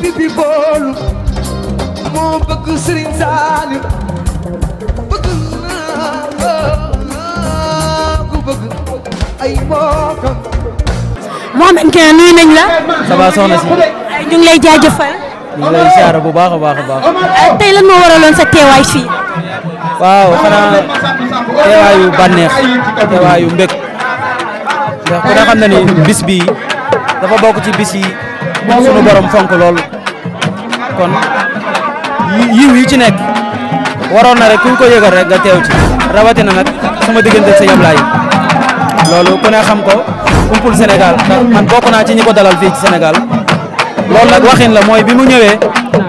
bien bi moo bëgg Sëriñ Saaliw bëgg naa ku bëgg ay mbokkam. Mohamed Kane nuyu nañ la. ça soxna si. ñu ngi lay jaajëfal. ñu ngi lay bu baax a baax a baax. Eh, tey lan moo waraloon sa teewaay fii. waaw xanaa teewaayu bànneex teewaayu mbég ndax ku ne ci bis yi. sunu borom fonk lool kon yiw yi ci nekk waroon na rek kuñ ko yëgal rek nga ci rawatina nag sama diggante ak sëñ Ablaye loolu ku ne xam ko umpul Sénégal ndax man bokk naa ci ñi ko dalal fii ci Sénégal loolu nag waxin la mooy bi mu ñëwee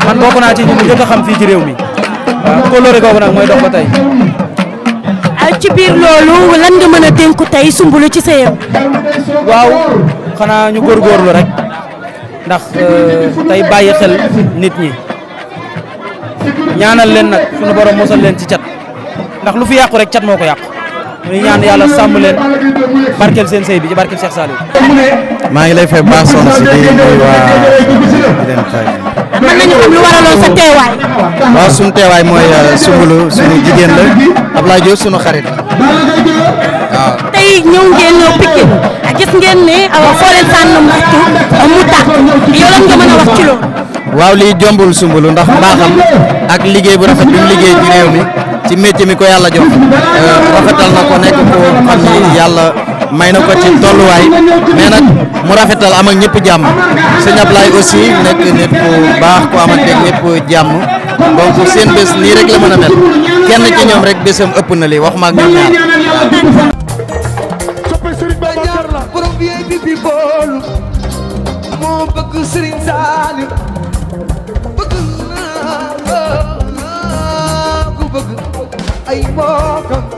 man bokk naa ci ñi mu njëkk a xam fii ci réew mi waaw mooy dox ba tey. ci biir loolu lan nga mën tey ci sëyam. waaw xanaa ñu góorgóorlu rek. ndax euh, tey bàyyi xel nit ñi ñaanal leen nag suñu borom mosal leen ci cat ndax lu fi yàqu rek cat moo ko yàqu muy ñaan yàlla sàmm leen barkeel seen sëy bi ci barkeel Cheikh Saliou. maa ngi lay fay baax soxna si di nuyu waa di leen fay. mën nañu xam lu waraloon euh, jigéen la Ablaye Diop suñu xarit la. tey ñëw ngeen Pikine gis ngeen ne foo leen sànn mbattu mu tàkk yow lan nga mën a wax ci loolu. waaw lii jombul sumbulu ndax mbaaxam ak liggéey bu rafet bi mu liggéey ci réew mi ci métier mi ko yàlla jox euh, rafetal na ko nekk ko xam ni yàlla may na ko ci tolluwaay mais nag mu rafetal am ak ñëpp jàmm sëñ Ablaye aussi nekk nit ku baax ku amante ñëpp jàmm donc seen bés nii rek la mën mel kenn ci ñoom rek bésam ëpp na lii waxuma ak ñaar. VIP people moo bëgg Serigne Saliou bëgg naa ko bëgg ay mbokkam